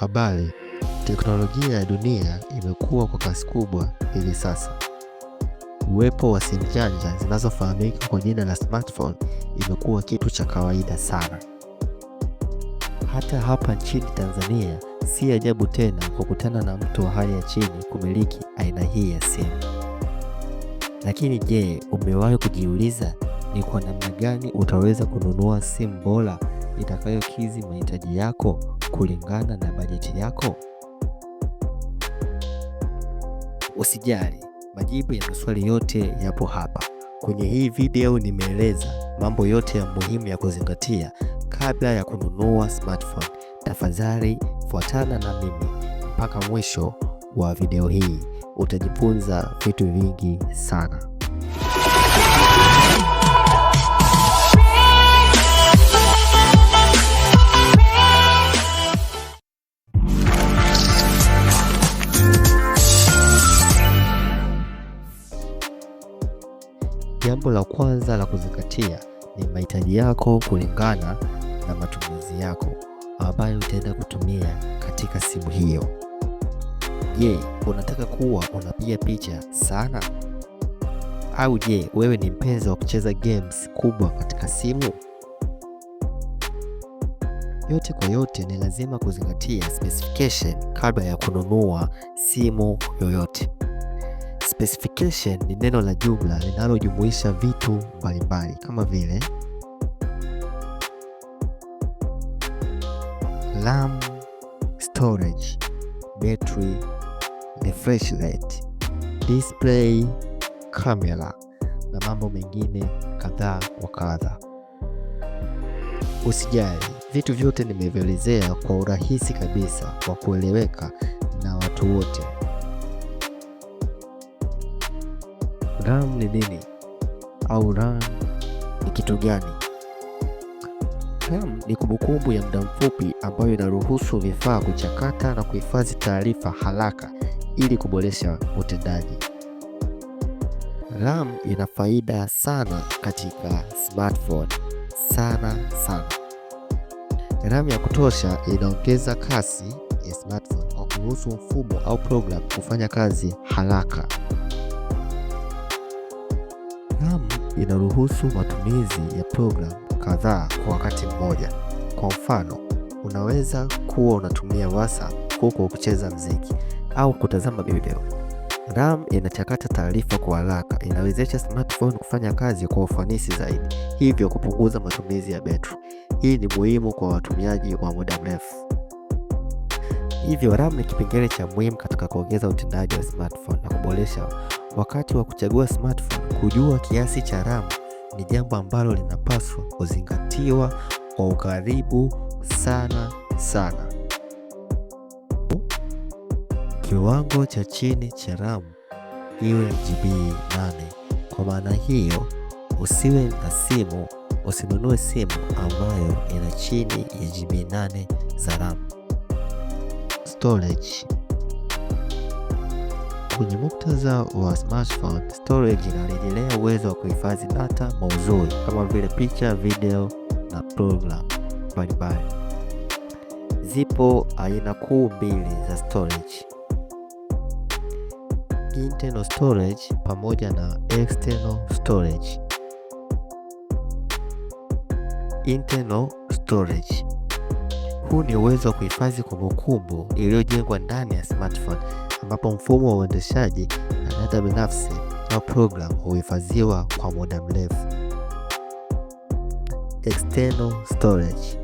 habari, teknolojia ya dunia imekuwa kwa kasi kubwa hivi sasa. Uwepo wa simu janja zinazofahamika kwa jina la smartphone imekuwa kitu cha kawaida sana. Hata hapa nchini Tanzania si ajabu tena kukutana na mtu wa hali ya chini kumiliki aina hii ya simu. Lakini je, umewahi kujiuliza ni kwa namna gani utaweza kununua simu bora itakayokidhi mahitaji yako kulingana na bajeti yako. Usijali, majibu ya maswali yote yapo hapa. Kwenye hii video nimeeleza mambo yote ya muhimu ya kuzingatia kabla ya kununua smartphone. Tafadhali fuatana na mimi mpaka mwisho wa video hii, utajifunza vitu vingi sana. Jambo la kwanza la kuzingatia ni mahitaji yako kulingana na matumizi yako ambayo utaenda kutumia katika simu hiyo. Je, unataka kuwa unapiga picha sana? Au je, wewe ni mpenzi wa kucheza games kubwa katika simu? Yote kwa yote ni lazima kuzingatia specification kabla ya kununua simu yoyote. Specification ni neno la jumla linalojumuisha vitu mbalimbali kama vile RAM, storage, battery, refresh rate, display, camera na mambo mengine kadhaa wa kadha. Usijali, vitu vyote nimevyoelezea kwa urahisi kabisa wa kueleweka na watu wote. RAM ni nini au RAM ni kitu gani? RAM ni kumbukumbu ya muda mfupi ambayo inaruhusu vifaa kuchakata na kuhifadhi taarifa haraka ili kuboresha utendaji. RAM ina faida sana katika smartphone, sana sana. RAM ya kutosha inaongeza kasi ya smartphone kwa kuruhusu mfumo au program kufanya kazi haraka. inaruhusu matumizi ya program kadhaa kwa wakati mmoja. Kwa mfano, unaweza kuwa unatumia WhatsApp huku ukicheza mziki au kutazama video. RAM inachakata taarifa kwa haraka, inawezesha smartphone kufanya kazi kwa ufanisi zaidi, hivyo kupunguza matumizi ya betri. Hii ni muhimu kwa watumiaji wa muda mrefu. Hivyo, RAM ni kipengele cha muhimu katika kuongeza utendaji wa smartphone na kuboresha Wakati wa kuchagua smartphone, kujua kiasi cha RAM ni jambo ambalo linapaswa kuzingatiwa kwa ukaribu sana sana. Kiwango cha chini cha RAM iwe GB 8. Kwa maana hiyo, usiwe na simu, usinunue simu ambayo ina chini ya GB 8 za RAM. Storage Kwenye muktadha wa smartphone, storage inarejelea uwezo wa kuhifadhi data mauzuri kama vile picha, video na programu mbalimbali. Zipo aina kuu mbili za storage: internal storage pamoja na external storage. Internal storage huu ni uwezo wa kuhifadhi kumbukumbu iliyojengwa ndani ya smartphone ambapo mfumo wa uendeshaji na data binafsi au program huhifadhiwa kwa muda mrefu. External storage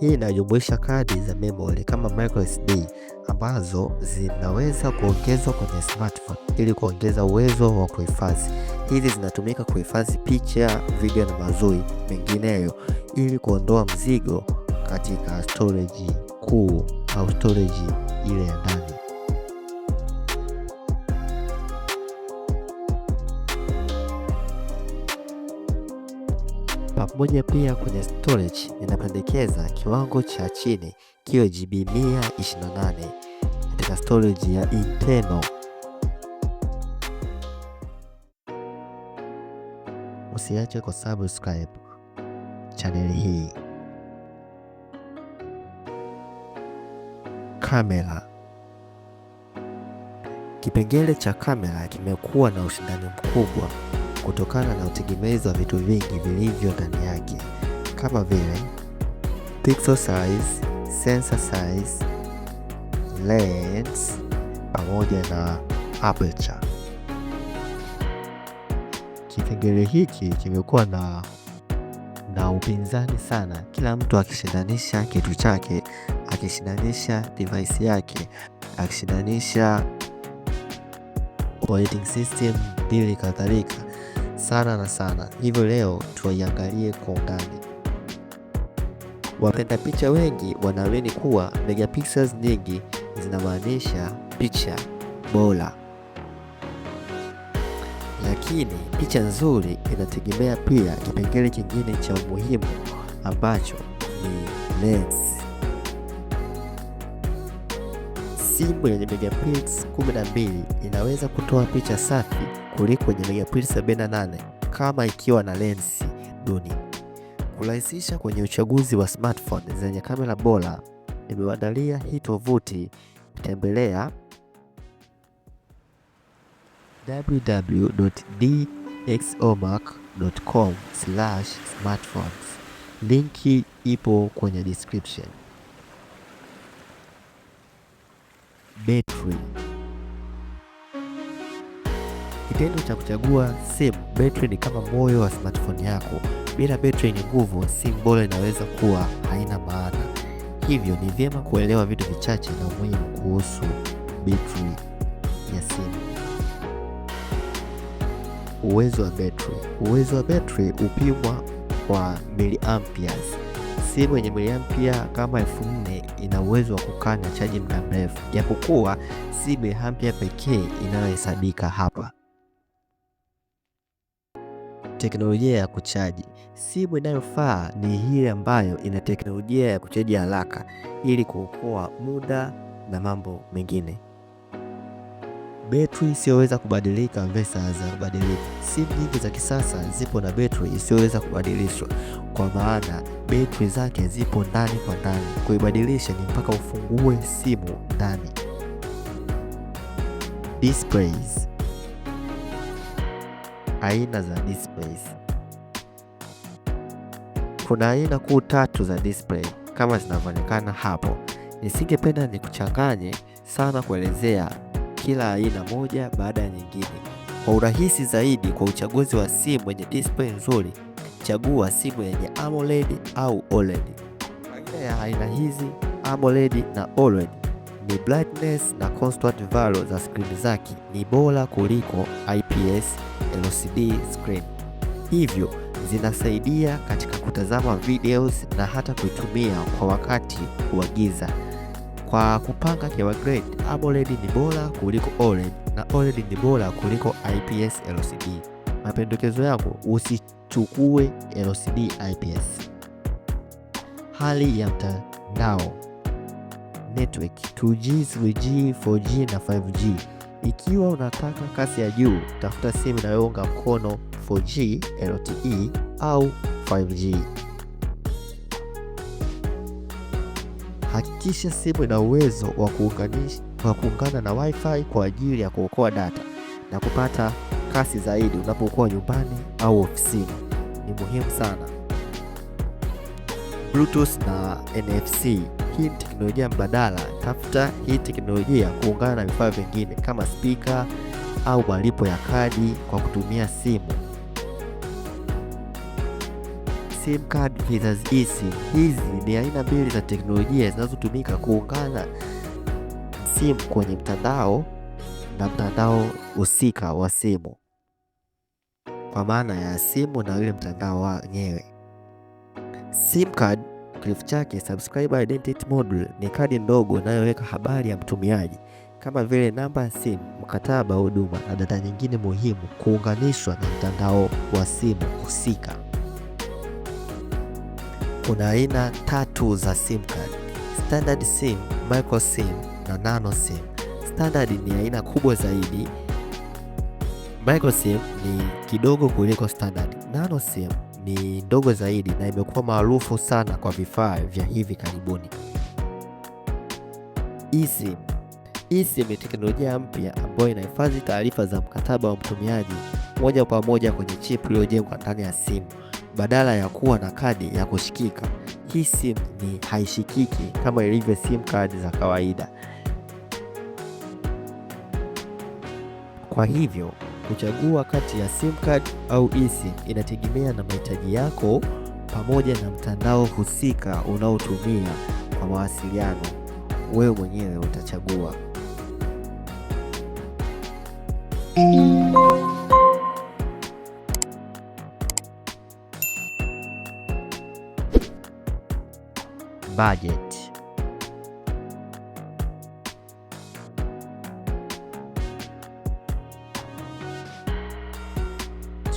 hii inajumuisha kadi za memory kama SD ambazo zinaweza kuongezwa kwenye smartphone ili kuongeza uwezo wa kuhifadhi. Hizi zinatumika kuhifadhi picha, video na mazui mengineyo ili kuondoa mzigo katika storage kuu au storage ile ya ndani. Pamoja pia kwenye storage ninapendekeza kiwango cha chini kiwe GB 128 katika storage ya internal. Usiache subscribe chaneli hii. Kamera. Kipengele cha kamera kimekuwa na ushindani mkubwa kutokana na utegemezi wa vitu vingi vilivyo ndani yake kama vile pixel size, sensor size, lens pamoja na aperture. Kipengele hiki kimekuwa na na upinzani sana, kila mtu akishindanisha kitu chake, akishindanisha device yake, akishindanisha operating system, bili kadhalika sana na sana, hivyo leo tuiangalie kwa undani. Wapenda picha wengi wanaamini kuwa megapixels nyingi zinamaanisha picha bora, lakini picha nzuri inategemea pia kipengele kingine cha umuhimu ambacho ni lens. Simu yenye megapixels 12 inaweza kutoa picha safi kuliko yenye megapixeli 78 kama ikiwa na lensi duni. Kurahisisha kwenye uchaguzi wa smartphone zenye kamera bora, nimewaandalia hii tovuti, tembelea www.dxomark.com/smartphones. Linki ipo kwenye description. Battery Kitendo cha kuchagua simu, betri ni kama moyo wa smartphone yako. Bila betri yenye nguvu, simu bora inaweza kuwa haina maana. Hivyo ni vyema kuelewa vitu vichache na muhimu kuhusu betri ya simu. Uwezo wa betri. Uwezo wa betri hupimwa kwa miliampias. Simu yenye miliampia kama elfu nne ina uwezo wa kukaa na chaji muda mrefu, japokuwa si miliampia pekee inayohesabika hapa teknolojia ya kuchaji. Simu inayofaa ni ile ambayo ina teknolojia ya kuchaji haraka ili kuokoa muda na mambo mengine. Betri isiyoweza kubadilika versus za kubadilika. Simu nyingi za kisasa zipo na betri isiyoweza kubadilishwa, kwa maana betri zake zipo ndani kwa ndani, kuibadilisha ni mpaka ufungue simu ndani. Displays Aina za displays. Kuna aina kuu tatu za display kama zinavyoonekana hapo. Nisingependa nikuchanganye sana kuelezea kila aina moja baada ya nyingine. Kwa urahisi zaidi, kwa uchaguzi wa simu yenye display nzuri, chagua simu yenye AMOLED au OLED. Aina ya aina hizi AMOLED na OLED ni brightness na constant value za screen zake ni bora kuliko IPS LCD screen, hivyo zinasaidia katika kutazama videos na hata kuitumia kwa wakati wa giza. Kwa kupanga kwa grade, AMOLED ni bora kuliko OLED na OLED ni bora kuliko IPS LCD. Mapendekezo yangu usichukue LCD IPS. Hali ya mtandao network 2G, 3G, 4G na 5G. Ikiwa unataka kasi ya juu, tafuta simu inayounga mkono 4G LTE au 5G. Hakikisha simu ina uwezo wa kuungana na Wi-Fi kwa ajili ya kuokoa data na kupata kasi zaidi unapokuwa nyumbani au ofisini. Ni muhimu sana. Bluetooth na NFC hii teknolojia mbadala, tafuta hii teknolojia kuungana na vifaa vingine kama spika au malipo ya kadi kwa kutumia simu. SIM card hizi hizi ni aina mbili za teknolojia zinazotumika kuungana simu kwenye mtandao na mtandao husika wa simu, kwa maana ya simu na ile mtandao wenyewe. SIM card Kilifu chake subscriber identity module ni kadi ndogo inayoweka habari ya mtumiaji kama vile namba ya simu, mkataba wa huduma na data nyingine muhimu kuunganishwa na mtandao wa simu husika. Kuna aina tatu za SIM card: standard SIM, micro SIM na nano SIM. Standard ni aina kubwa zaidi, micro SIM ni kidogo kuliko standard. Nano SIM ni ndogo zaidi na imekuwa maarufu sana kwa vifaa vya hivi karibuni. eSIM. eSIM ni teknolojia mpya ambayo inahifadhi taarifa za mkataba wa mtumiaji moja kwa moja kwenye chip iliyojengwa ndani ya simu badala ya kuwa na kadi ya kushikika. Hii simu ni haishikiki kama ilivyo SIM kadi za kawaida. Kwa hivyo Kuchagua kati ya SIM card au eSIM inategemea na mahitaji yako pamoja na mtandao husika unaotumia kwa mawasiliano. Wewe mwenyewe utachagua. Budget.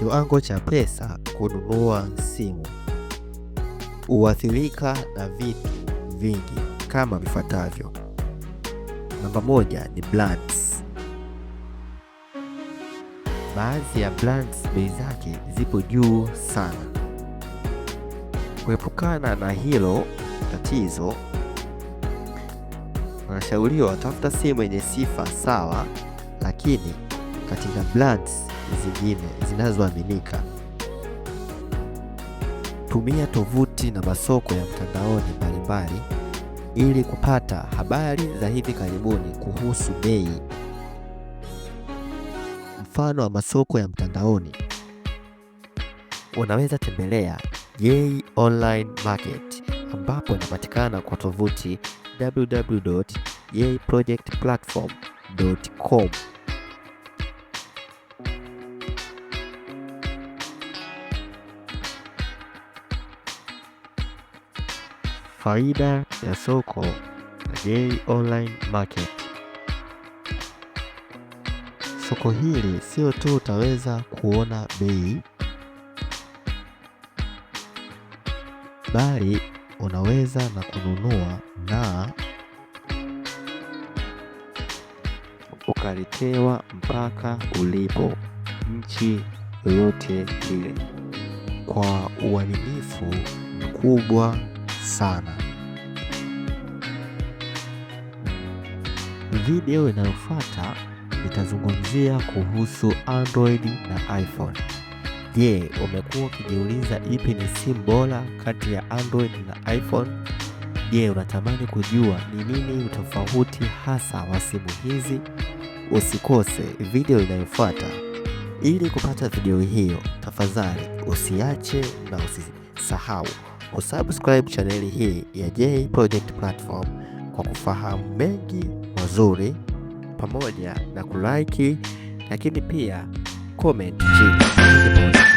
kiwango cha pesa kununua simu huathirika na vitu vingi kama vifuatavyo. Namba moja ni brands. Baadhi ya brands bei zake zipo juu sana. Kuepukana na hilo tatizo, wanashauriwa watafuta simu yenye sifa sawa, lakini katika brands zingine zinazoaminika. Tumia tovuti na masoko ya mtandaoni mbalimbali ili kupata habari za hivi karibuni kuhusu bei. Mfano wa masoko ya mtandaoni, unaweza tembelea Yei Online Market ambapo inapatikana kwa tovuti www.yeiprojectplatform.com. Faida ya soko la Gay Online Market. Soko hili sio tu utaweza kuona bei, bali unaweza na kununua na ukaletewa mpaka ulipo nchi yoyote ile, kwa uaminifu mkubwa sana. Video inayofuata itazungumzia kuhusu Android na iPhone. Je, umekuwa ukijiuliza ipi ni simu bora kati ya Android na iPhone? Je, unatamani kujua ni nini utofauti hasa wa simu hizi? Usikose video inayofuata. Ili kupata video hiyo, tafadhali usiache na usisahau kusubscribe chaneli hii ya J Project Platform kwa kufahamu mengi mazuri pamoja na kulike, lakini pia comment chini.